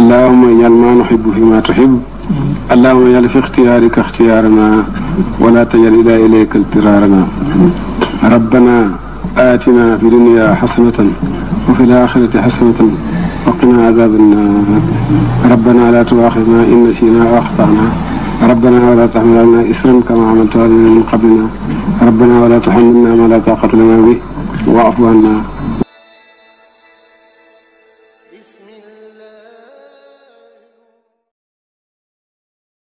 اللهم اجعل ما نحب فيما تحب اللهم اجعل في اختيارك اختيارنا ولا تجعل إلى إليك اضطرارنا ربنا آتنا في الدنيا حسنة وفي الآخرة حسنة وقنا عذاب النار ربنا لا تؤاخذنا إن نسينا وأخطأنا ربنا ولا تحمل علينا إسرا كما عملت علينا من قبلنا ربنا ولا تحملنا ما لا طاقة لنا به واعف عنا بسم الله